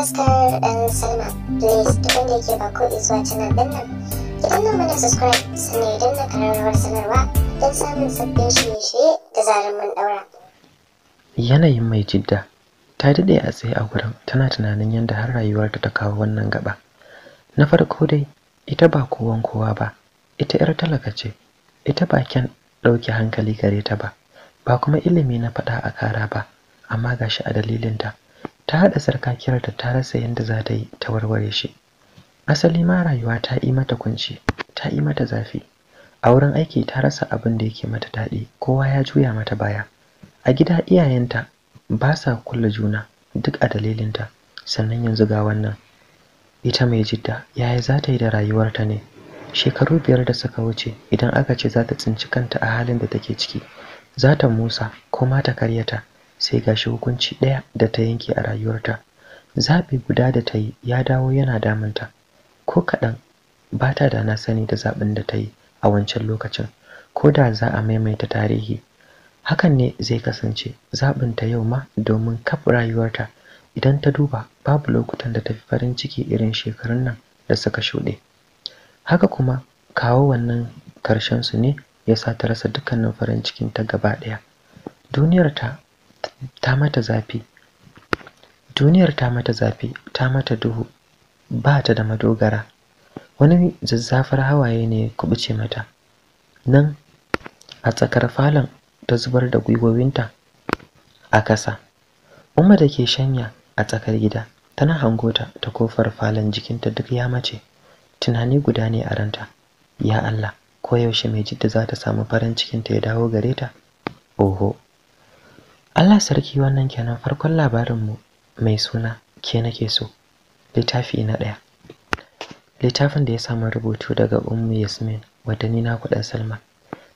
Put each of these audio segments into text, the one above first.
podcast ɗin salma please idan da ke bako zuwa canal ɗin nan idan nan mana subscribe sannan idan na ƙararrawar sanarwa don samun sabbin shirye da zarar mun ɗaura. yanayin mai jidda ta daɗe a tsaye a gurin tana tunanin yadda har rayuwarta ta kawo wannan gaba na farko dai ita ba kowan kowa ba ita 'yar talaka ce ita ba kyan ɗauke hankali gare ta ba ba kuma ilimi na faɗa a kara ba amma gashi a dalilinta ta haɗa sarkakiyar da ta rasa yadda za ta yi ta warware shi asali ma rayuwa ta yi mata kunci ta yi mata zafi a wurin aiki ta rasa abin da yake mata daɗi kowa ya juya mata baya a gida iyayenta ba sa kulla juna duk a dalilinta sannan yanzu ga wannan ita mai jidda yaya za ta yi da rayuwarta ne shekaru biyar da suka wuce idan aka ce za ta tsinci kanta a halin da take ciki za ta musa ko ma ta karyata sai gashi hukunci ɗaya da ta yanke a rayuwarta zaɓi guda da ta yi ya dawo yana damunta ko kaɗan ba ta da na sani da zaɓin da ta yi a wancan lokacin ko da za a maimaita tarihi hakan ne zai kasance zaɓinta yau ma domin kaf rayuwarta idan ta duba babu lokutan da tafi farin ciki irin shekarun nan da suka shuɗe haka kuma kawo wannan su ne ya sa ta rasa dukkanin farin cikinta gaba ɗaya duniyarta ta mata zafi duniyar ta mata zafi ta mata duhu ba ta da madogara wani zazzafar hawaye ne kubuce mata nan a tsakar falon ta zubar da gwiwowinta a kasa umma da ke shanya a tsakar gida tana hangota ta kofar falon jikinta duk ya mace tunani guda ne a ranta ya Allah koyaushe mai jidda za ta samu farin cikinta ya dawo gare ta oho Allah sarki wannan kenan farkon labarinmu mai suna ke nake so littafi na ɗaya littafin da ya samu rubutu daga ummu yasmin wadda ni na kuɗin salma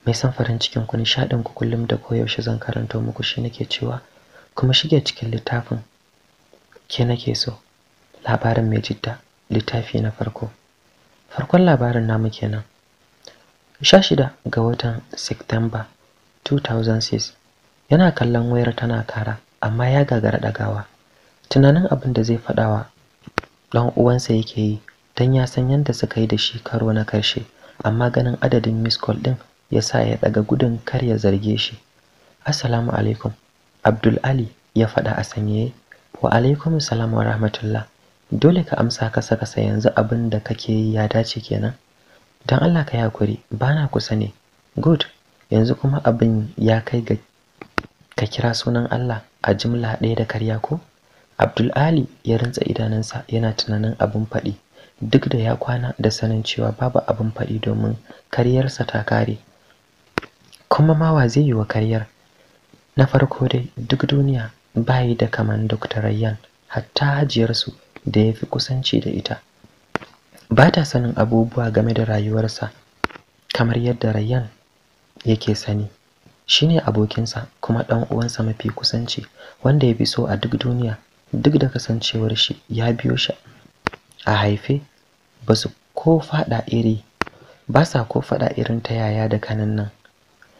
mai san farin cikin ku nishaɗin ku kullum da koyaushe zan karanto muku shi nake cewa kuma shige cikin littafin ke nake so labarin mai jidda littafi na farko farkon labarin namu kenan Sha shida ga watan September 2006 yana kallon wayar tana kara amma ya gagara dagawa tunanin abin da zai faɗawa dan uwansa yake yi dan ya san yanda suka yi da shi karo na karshe amma ganin adadin miss call din sa ya daga gudun kar ya zarge shi assalamu alaikum abdul ali ya faɗa a sanyaye wa alaikum salam wa rahmatullah dole ka amsa kasa kasa yanzu abin da kake yi ya dace kenan dan Allah ka yi hakuri bana kusa ne good yanzu kuma abin ya kai ga ka kira sunan Allah a jimla ɗaya da karya ko Abdul Ali ya rantsa idanunsa yana tunanin abin faɗi duk da ya kwana da sanin cewa babu abin faɗi domin karyarsa ta kare kuma ma wa zai yi wa karyar na farko dai duk duniya bayi da kaman Dr. Rayyan hatta hajiyarsu da ya fi kusanci da ita ba ta sanin abubuwa game da rayuwarsa kamar yadda Rayyan yake sani shine abokinsa kuma 'dan uwansa mafi kusanci wanda ya fi so a duk duniya duk da kasancewar shi ya biyo shi a haife ba su ko faɗa iri ba sa ko faɗa irin ta yaya da kanan nan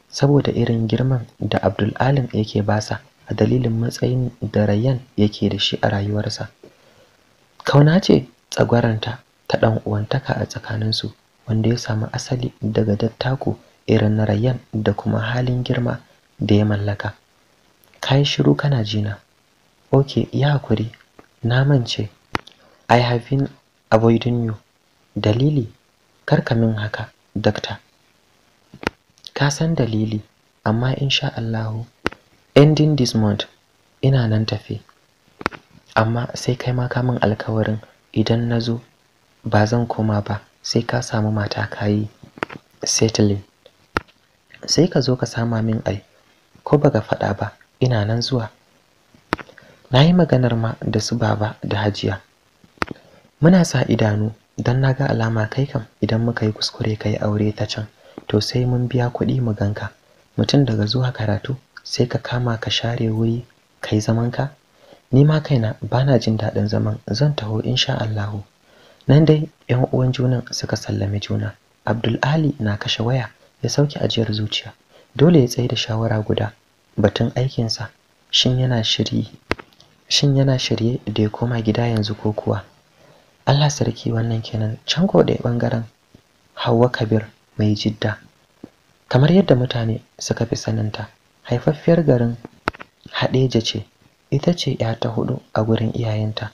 saboda irin girman da Abdul Alim yake sa a dalilin matsayin da Rayyan yake da shi a rayuwarsa kauna ce tsagwaranta ta ɗan uwantaka a tsakaninsu wanda ya samu asali daga dattako irin na Rayyan da kuma halin girma da ya mallaka. Kai shiru kana jina. Ok, ya hakuri. Na mance. I have been avoiding you. Dalili karkamin min haka, doctor. Ka san dalili, amma insha Allahu ending this month ina nan tafi. Amma sai kai ma kamun alkawarin idan na zo ba zan koma ba sai ka samu mata kayi settling. sai ka zo ka sama min ai ko baka faɗa ba ina nan zuwa na yi maganar ma da su baba da hajiya muna sa idanu don na ga alama kai kam idan muka yi kuskure ka yi aure ta can to sai mun biya kuɗi mu ganka mutum daga zuwa karatu sai ka kama ka share wuri kai zamanka ni ma kaina bana jin daɗin zaman zan taho insha Allahu nan dai 'yan uwan junan suka sallame juna Abdul Ali na kashe waya ya sauke ajiyar zuciya dole ya tsaye da shawara guda batun aikinsa shin yana shirye da ya koma gida yanzu ko kuwa Allah sarki wannan kenan can ko da bangaren Hawwa Kabir mai jidda kamar yadda mutane suka fi saninta, haifaffiyar garin Hadeja ce ita ce ya ta hudu a gurin iyayenta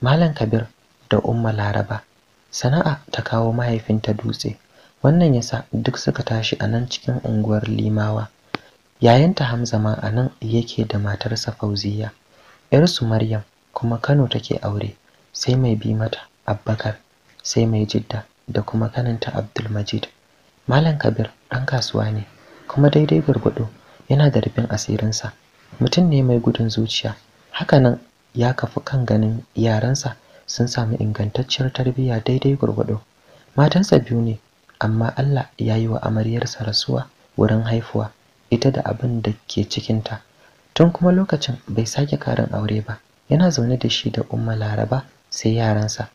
Malam Kabir da Umma Laraba sana'a ta kawo mahaifinta dutse wannan ya sa duk suka tashi a nan cikin unguwar limawa ta hamza ma a nan yake da matarsa fauziya yarsu maryam kuma kano take aure sai mai bi mata abbakar sai mai jidda da kuma kananta abdulmajid malam kabir ɗan kasuwa ne kuma daidai gwargwado yana da rufin asirinsa mutum ne mai gudun zuciya hakanan ya kafi kan ganin yaransa sun samu ingantacciyar tarbiyya daidai gwargwado matansa biyu ne amma Allah ya yi wa amaryarsa rasuwa wurin haifuwa ita da abin da ke cikinta tun kuma lokacin bai sake karin aure ba yana zaune da shi da umma laraba sai yaransa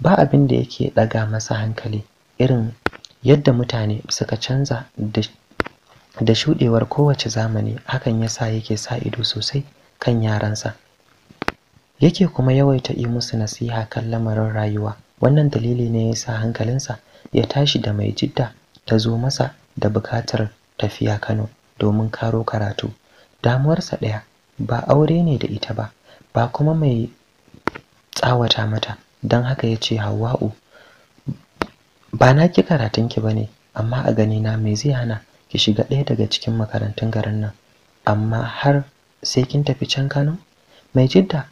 ba abin da yake daga masa hankali irin yadda mutane suka canza da shuɗewar kowace zamani hakan ya yasa yake sa ido sosai kan yaransa yake kuma yawaita yi musu nasiha kan lamarin rayuwa wannan dalili ne ya sa hankalinsa ya tashi da mai jidda ta zo masa da bukatar tafiya Kano domin karo karatu damuwarsa ɗaya ba aure ne da ita ba ba kuma mai tsawata mata don haka ya ce Hawwa'u ba na ki karatunki ba ne amma a gani na mai zai hana ki shiga ɗaya daga cikin makarantun garin nan amma har sai kin tafi can Kano mai jidda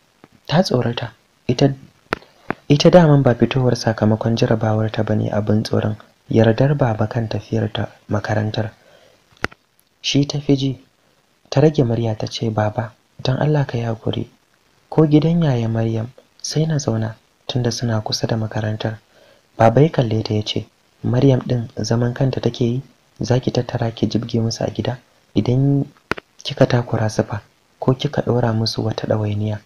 ta tsorata ita ita daman ba fitowar sakamakon jarabawar ta bane abin tsoron yardar baba kan tafiyar ta makarantar shi ta fiji ta rage murya ta ce baba don Allah ka ya kure ko gidan yaya Maryam sai na zauna tunda suna kusa da makarantar baba ya kalle ta yace Maryam din zaman kanta take yi zaki tattara ki jibge musu a gida idan kika takura su fa ko kika ɗora musu wata ɗawainiya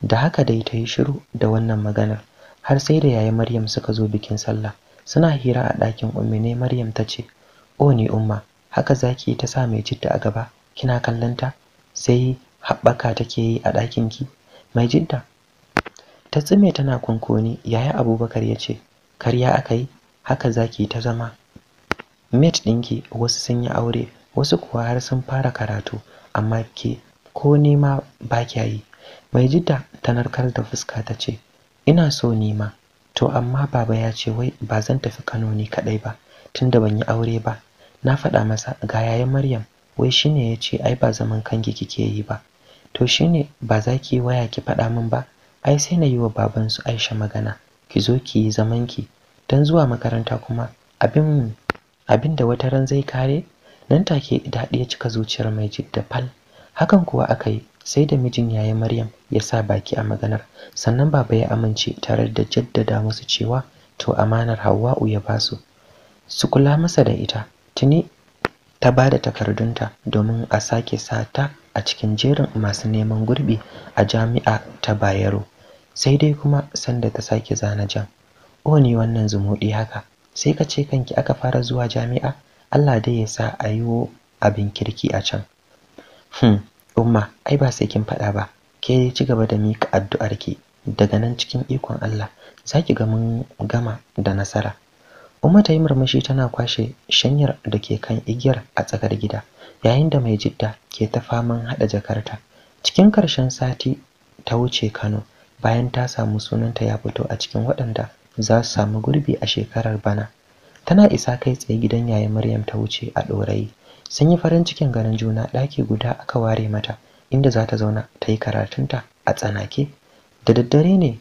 da haka dai ta yi shiru da wannan maganar har sai da yayi Maryam suka zo bikin sallah suna hira a ɗakin ummi ne Maryam ta ce o ni umma haka zaki ta sa mai jidda a gaba kina kallanta sai haɓaka take yi a ɗakin ki mai jidda ta tsime tana kunkuni yaya abubakar ya ce karya aka yi haka zaki ta zama mate ɗinki wasu sun yi aure wasu kuwa har sun fara karatu amma ke ko nema ba kya yi mai jidda ta da fuska ta ce ina so ni ma. to amma baba ya ce wai ba zan tafi Kano ni kadai ba tunda ban yi aure ba na faɗa masa ga yaya Maryam wai shine ya ce ai ba zaman kanki kike yi ba to shine ba za ki waya ki faɗa min ba ai sai na yi wa babansu Aisha magana ki zo ki yi zamanki dan zuwa makaranta kuma abin abin da wata ran zai kare nan take daɗi ya cika zuciyar mai jidda fal hakan kuwa aka yi sai da mijin yayi Maryam ya sa baki a maganar sannan baba ya amince tare da jaddada musu cewa to amanar Hawwa'u ya basu su kula masa da ita tuni ta ba bada takardunta domin a sake sata a cikin jerin masu neman gurbi a jami'a ta Bayero sai dai kuma sanda ta sake zana jan o ne wannan zumudi haka sai ka ce kanki aka fara zuwa jami'a Allah dai ya sa a yi abin kirki a can hmm Umma ai ba sai kin faɗa ba ke dai ci gaba da mika ki, daga nan cikin ikon Allah zaki ga mun gama da nasara Umma ta yi murmushi tana kwashe shanyar da ke kan igiyar a tsakar gida yayin da mai jidda ke ta faman haɗa jakarta cikin karshen sati ta wuce Kano bayan ta samu sunanta ya fito a cikin waɗanda za su samu gurbi a shekarar bana tana isa kai tsaye gidan yayin Maryam ta wuce a ɗorayi sun yi farin cikin ganin juna ɗaki guda aka ware mata inda za ta zauna ta yi karatunta a tsanake da daddare ne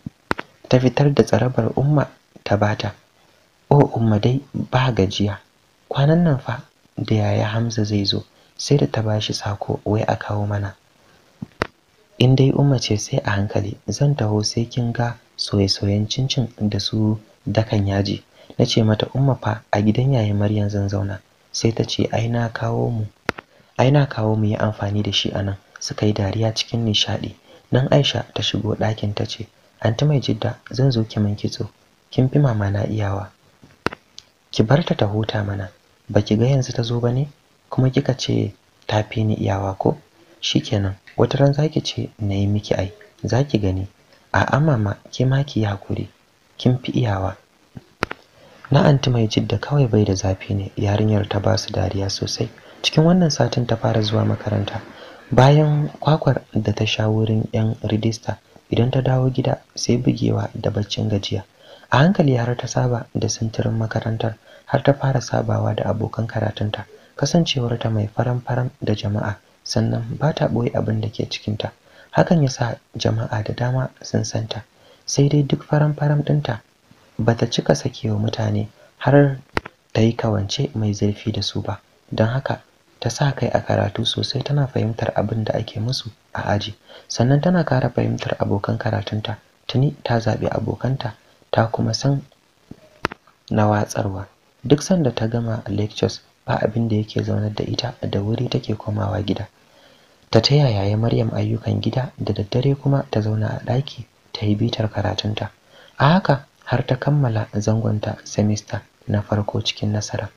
ta fitar da tsarabar umma ta bata o umma dai ba gajiya kwanan nan fa da yaya hamza zai zo sai da ta bashi sako wai a kawo mana in dai umma ce sai a hankali zan taho sai kin ga soye-soyen cincin da su dakan yaji na ce mata umma fa a gidan yayin Maryam zan zauna sai ta ce ai na kawo mu ai na kawo mu yi amfani da shi anan suka yi dariya cikin nishaɗi nan Aisha ta shigo ɗakin ta ce anti mai jidda zan zo ki min kitso kin fi mama na iyawa ki bar ta ta huta mana baki ga yanzu ta zo ba ne kuma kika ce ta fi ni iyawa ko shikenan wata ran zaki ce na yi miki ai zaki gani a'a mama ke ma ki yi hakuri kin fi iyawa na anti mai jidda kawai bai da zafi ne yarinyar ta ba su dariya sosai cikin wannan satin ta fara zuwa makaranta bayan kwakwar da ta sha wurin yan rijista idan ta dawo gida sai bugewa da baccin gajiya a hankali har ta saba da sintirin makarantar har ta fara sabawa da abokan karatunta kasancewar ta mai faran-faran da jama'a sannan ba ta ɓoye abin da ke cikinta hakan ya sa jama'a da dama sun santa sai dai duk faran-faran ɗinta bata cika sakewa mutane har ta yi kawance mai zurfi da su ba don haka ta sa kai a karatu sosai tana fahimtar abin da ake musu a aji sannan tana kara fahimtar abokan karatunta tuni ta zaɓi abokanta ta kuma san na watsarwa duk sanda ta gama lectures ba abin da yake zaunar da ita da wuri take komawa gida ta taya yaya Maryam ayyukan gida da daddare kuma ta zauna a ɗaki ta yi bitar karatunta a haka har ta kammala zangonta semester na farko cikin nasara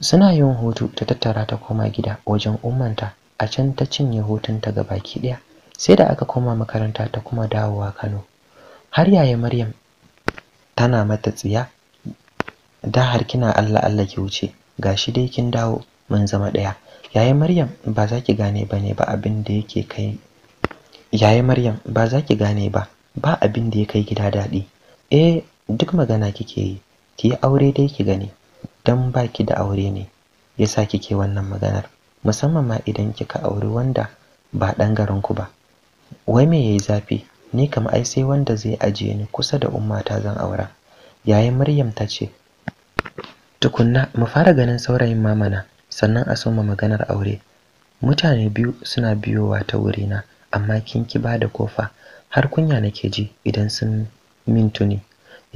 suna yin hutu ta tattara ta koma gida wajen ummanta a can ta cinye hutunta ga baki ɗaya sai da aka koma makaranta ta kuma dawowa Kano har yaya Maryam tana mata tsiya da har kina Allah Allah ki wuce gashi dai kin dawo mun zama daya yaya Maryam ba za ki gane ba ne ba abin da yake kai yaya Maryam ba za ki gane ba ba abin da ya kai gida daɗi. eh duk magana kike yi ki yi aure dai ki gani dan baki da aure ne yasa kike wannan maganar musamman ma idan kika auri wanda ba ɗan garin ku ba wai me yayi zafi ni kam ai sai wanda zai ajiye ni kusa da umma ta zan aura yayin Maryam ta ce tukunna mu fara ganin saurayin mamana sannan a soma maganar aure mutane biyu suna biyowa ta wurina amma kin ki bada kofa har kunya nake ji idan sun Mintuni,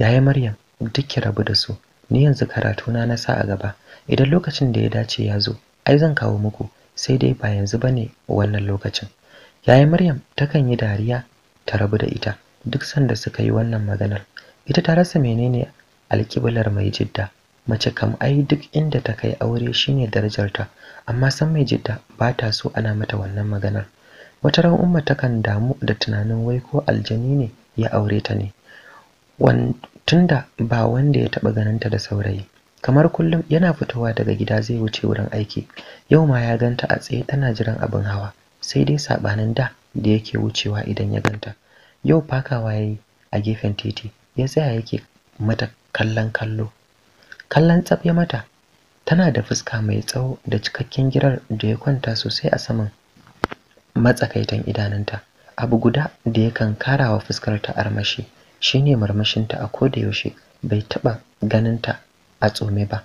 yaya maryam duk rabu da su ni yanzu karatuna na sa a gaba idan lokacin da ya dace ya zo ai zan kawo muku sai dai ba yanzu bane wannan lokacin yaya maryam takan yi dariya ta rabu da ita duk sanda suka yi wannan maganar ita ta rasa menene alkiblar mai jidda mace kam ai duk inda ta kai aure shine darajarta amma san mai jidda ba ta so ana mata wannan maganar wata ran umma takan damu da tunanin wai ko aljani ne ya aure ta ne tunda ba wanda ya taɓa ganinta da saurayi kamar kullum yana fitowa daga gida zai wuce wurin aiki yau ma ya ganta a tsaye tana jiran abin hawa sai dai sabanin da da yake wucewa idan ya ganta yau fakawa yi a gefen titi ya tsaya yake mata kallon kallo kallon tsaf ya mata tana da fuska mai tsawo da cikakken girar da ya kwanta sosai a saman matsakaitan idanunta abu guda da yakan karawa fuskar ta armashi shine marmashinta a koda yaushe bai taba ganinta a tsome ba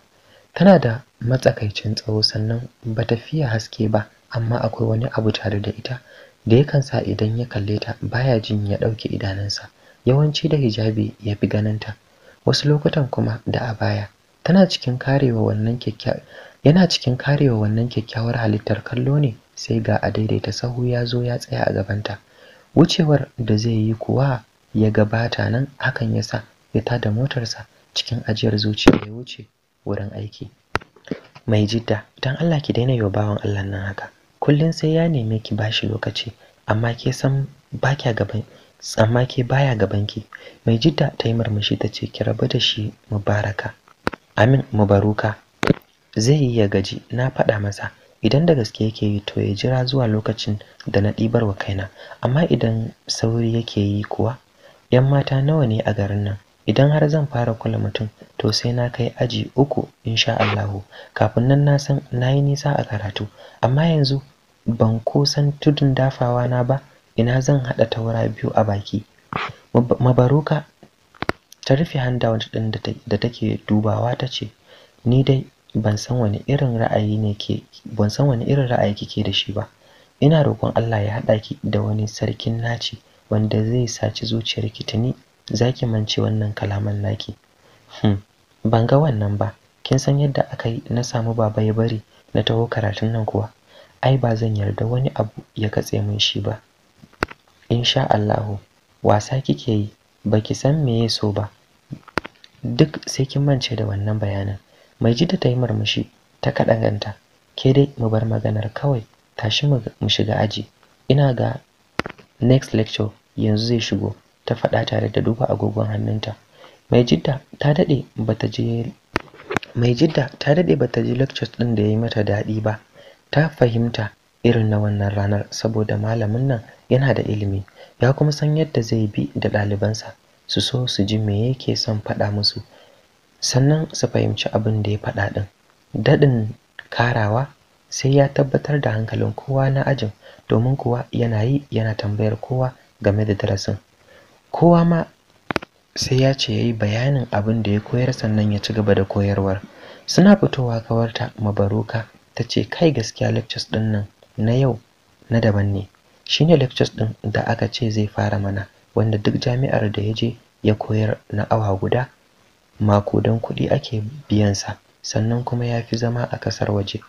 tana da matsakaicin tsawo sannan bata fiye haske ba amma akwai wani abu tare da ita da yakan sa idan ya kalle ta baya jin ya dauke idanunsa yawanci da hijabi ya fi ta, wasu lokutan kuma da baya tana cikin karewa wannan kyakkya yana cikin karewa wannan kyakkyawar halittar kallo ne sai ga a daidaita sahu ya zo ya tsaya a gabanta wucewar da zai yi kuwa ya gabata nan hakan ya sa ya tada motarsa cikin ajiyar zuciya ya wuce wurin aiki mai jidda don Allah ki daina yau bawan Allah nan haka kullum sai ya neme ki bashi lokaci amma ke san ba kya gaban amma ke baya ki mai jidda ta yi murmushi ta ce ki rabu da shi mubaraka amin mubaruka zai yi ya gaji na faɗa masa idan da gaske yake yi to ya jira zuwa lokacin da na ɗibar wa kaina amma idan sauri yake yi kuwa 'yan mata nawa ne a garin nan idan har zan fara kula mutum to sai na kai aji uku insha Allahu kafin nan na san na yi nisa a karatu amma yanzu ban kusan tudun dafawa na ba ina zan haɗa taura biyu a baki mabaruka ta rufe handout ɗin da take dubawa ta ce ni dai ban san wani irin ra'ayi ke ban san wani irin ra'ayi kike da shi ba ina roƙon Allah ya haɗa ki da wani sarkin naci wanda zai saci zuciyarki tuni zaki mance wannan kalaman naki hmm ban ga wannan ba kin san yadda aka yi na samu baba ya bari na taho karatun nan kuwa ai ba zan yarda wani abu ya katse min shi ba insha Allah wasa kike yi baki san meye so ba duk sai kin mance da wannan bayanan. mai jita ta yi murmushi ta kaɗa ganta ke dai mu bar maganar kawai tashi mu shiga aji ina ga next lecture yanzu zai shigo ta faɗa tare da duba agogon hannunta mai jidda ta daɗe bata je mai jidda ta daɗe bata je lectures ɗin da ya yi mata daɗi ba ta fahimta irin na wannan ranar saboda malamin nan yana da ilimi ya kuma san yadda zai bi da ɗalibansa su so su ji me yake son faɗa musu sannan su fahimci abin da ya faɗa ɗin daɗin karawa sai ya tabbatar da hankalin kowa na ajin domin kuwa yana yi yana tambayar kowa game da darasin kowa ma sai ya ce yayi bayanin abin da ya koyar sannan ya ci gaba da koyarwar suna fitowa kawarta mabaruka ta ce kai gaskiya lectures din nan na yau na daban ne shine lectures din da aka ce zai fara mana wanda duk jami'ar da ya je ya koyar na awa guda mako don kuɗi ake sa, sannan kuma ya fi zama a ƙasar waje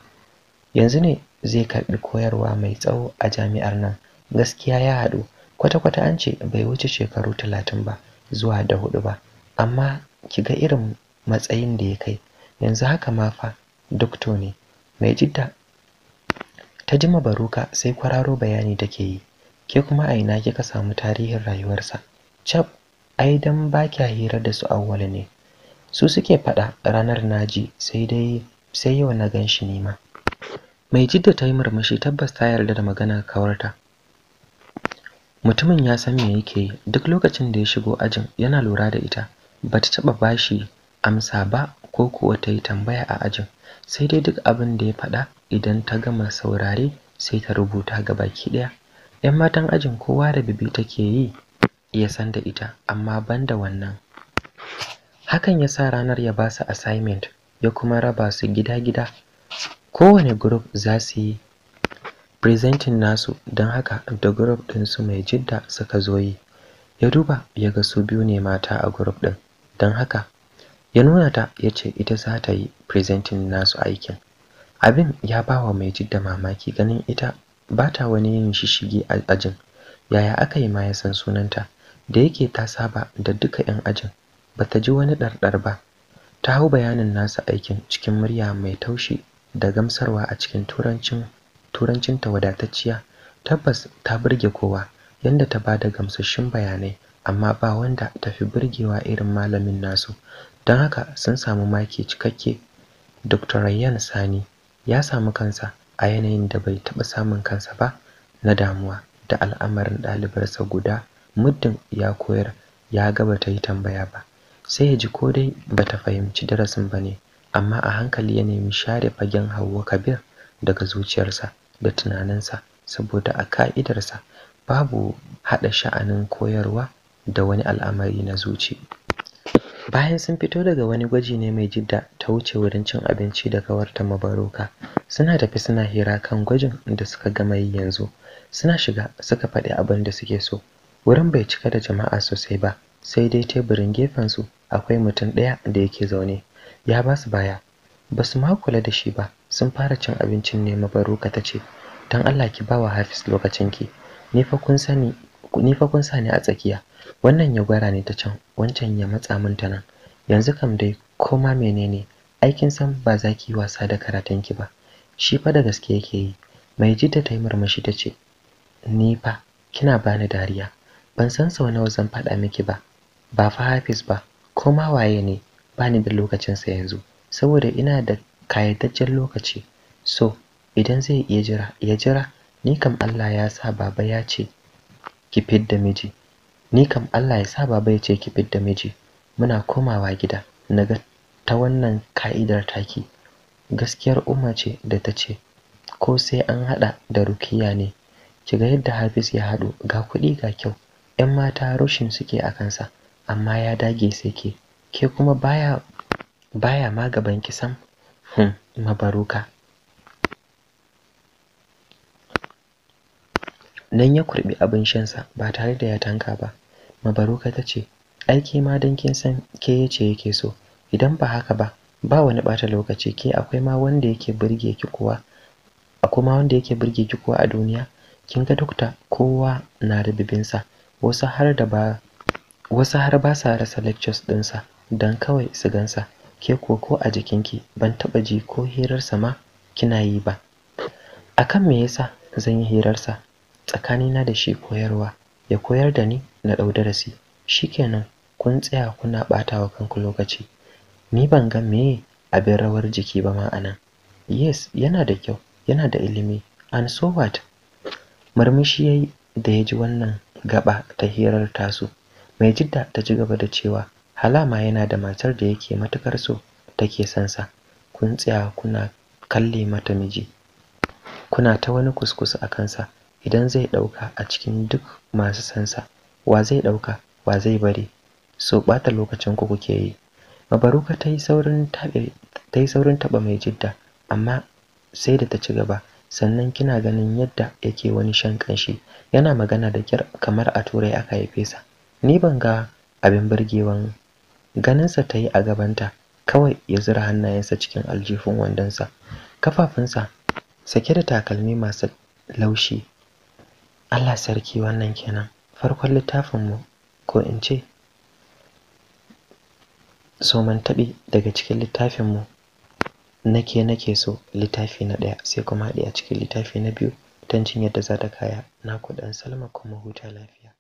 yanzu ne zai karɓi koyarwa mai tsawo a jami'ar nan gaskiya ya haɗu kwata-kwata an ce bai wuce shekaru talatin ba zuwa da hudu ba amma ki ga irin matsayin da ya kai yanzu haka ma fa dokto ne mai jidda ta jima baruka sai kwararo bayani da ke yi ke kuma a ina kika samu tarihin rayuwarsa cap ai dan ba kya hira da su Auwalu ne su suke faɗa ranar naji sai dai sai yau na gan shi nima mai jidda ta yi murmushi tabbas ta yarda da maganar kawarta mutumin ya san me yake yi duk lokacin da ya shigo ajin yana lura da ita bata taba bashi amsa ba ko kuwa ta yi tambaya a ajin sai dai duk abin da ya faɗa idan ta gama saurare sai ta rubuta ga baki ɗaya 'yan matan ajin kowa da bibi take yi ya san da ita amma ban da wannan hakan ya sa ranar ya ba su assignment ya kuma raba su gida-gida kowane group za su yi presenting nasu don haka da group su mai jidda suka zo yi ya duba ya ga su biyu ne mata a group din, don haka ya nuna ta ya ce ita za ta yi presenting nasu aikin abin ya ba wa mai jidda mamaki ganin ita ba ta wani yin shishigi a ajin yaya aka yi ma ya san sunanta da yake ta saba da duka 'yan ajin ba ta ji wani ɗarɗar ba ta hau bayanin nasa aikin cikin murya mai taushi da gamsarwa a cikin turancin turancinta wadatacciya tabbas ta burge kowa yanda ta bada gamsasshun bayanai amma ba wanda ta fi burgewa irin malamin nasu don haka sun samu maki cikakke Dr. Rayyan Sani ya samu kansa a yanayin da bai taɓa samun kansa ba na damuwa da al'amarin ɗalibarsa guda muddin ya koyar ya ga bata yi tambaya ba sai ya ji ko dai bata fahimci darasin ba ne amma a hankali ya nemi share fagen Hauwa Kabir daga zuciyarsa da tunaninsa saboda a ka'idarsa babu haɗa sha'anin koyarwa da wani al'amari na zuci bayan sun fito daga wani gwaji ne mai jidda ta wuce wurin cin abinci da kawarta mabaroka suna tafi suna hira kan gwajin da suka gama yi yanzu suna shiga suka faɗi abin da suke so wurin bai cika da jama'a sosai ba sai dai teburin gefen su akwai mutum ɗaya da yake zaune ya ba su baya ba su ma kula da shi ba sun fara cin abincin ne mabaruka ta ce don allah ki bawa wa hafiz lokacinki ni fa kun sani a tsakiya wannan ya gwara ne ta can wancan ya matsa min ta nan yanzu kam dai koma menene aikin san ba za ki wasa da ki ba shi fa da gaske yake yi mai ji ta yi murmushi ta ce ni fa kina bani dariya ban san sau nawa zan faɗa miki ba ba fa hafiz ba koma waye ne bani da lokacinsa yanzu saboda ina da kayataccen lokaci so idan zai iya jira ya jira ni kam Allah ya sa baba ya ce ki fidda miji ni kam Allah ya sa baba ya ce ki fidda miji muna komawa gida naga ta wannan ka'idar taki gaskiyar umma ce da ta ce ko sai an hada da rukiya ne kiga yadda Hafiz ya hadu, ga kuɗi ga kyau ƴan mata rushin suke a kansa amma ya dage sai ke ke kuma baya baya ma gaban ki sam Hmm, mabaruka nan ya kurɓi abin shansa ba tare da ya tanka ba mabaruka ta ce aiki ma don kin san ke yace yake so idan ba haka ba ba wani bata lokaci ke akwai ma wanda yake burge ki kuwa akwai ma wanda yake burge ki kuwa a duniya kin ga dokta kowa na da bibinsa wasu har da ba wasu har ba sa rasa lectures ɗinsa don kawai su gansa ke ko ko a jikinki ban taɓa ji ko hirarsa ma kina yi ba akan me yasa zan yi hirarsa na da shi koyarwa ya koyar da ni na ɗau darasi shikenan kun tsaya kuna ɓata kanku lokaci ni ban ga me abin rawar jiki ba ma anan yes yana da kyau yana da ilimi An so what murmushi yayi da ya ji wannan gaba ta hirar tasu mai jidda ta ci gaba da cewa Halama yana da matar da yake matukar so take son sa. Kun tsaya kuna kalle mata miji. Kuna ta wani kuskusu a kansa idan zai dauka a cikin duk masu son sa. Wa zai dauka, wa zai bari? So bata lokacin ku kuke yi. Mabaruka ta yi saurin tabe taba mai jidda amma sai da ta ci gaba sannan kina ganin yadda yake wani shan kanshi yana magana da kyar kamar a turai aka haife sa ni ban ga abin burgewan ganinsa ta yi a gabanta kawai ya zura hannayensa cikin aljifin wandonsa kafafunsa sake da takalmi masu laushi allah sarki wannan kenan farkon littafinmu ko in ce soman taɓi daga cikin littafinmu nake nake so littafi na ɗaya sai kuma haɗe a cikin littafi na biyu don cin yadda za ta kaya na kuɗin salma kuma huta lafiya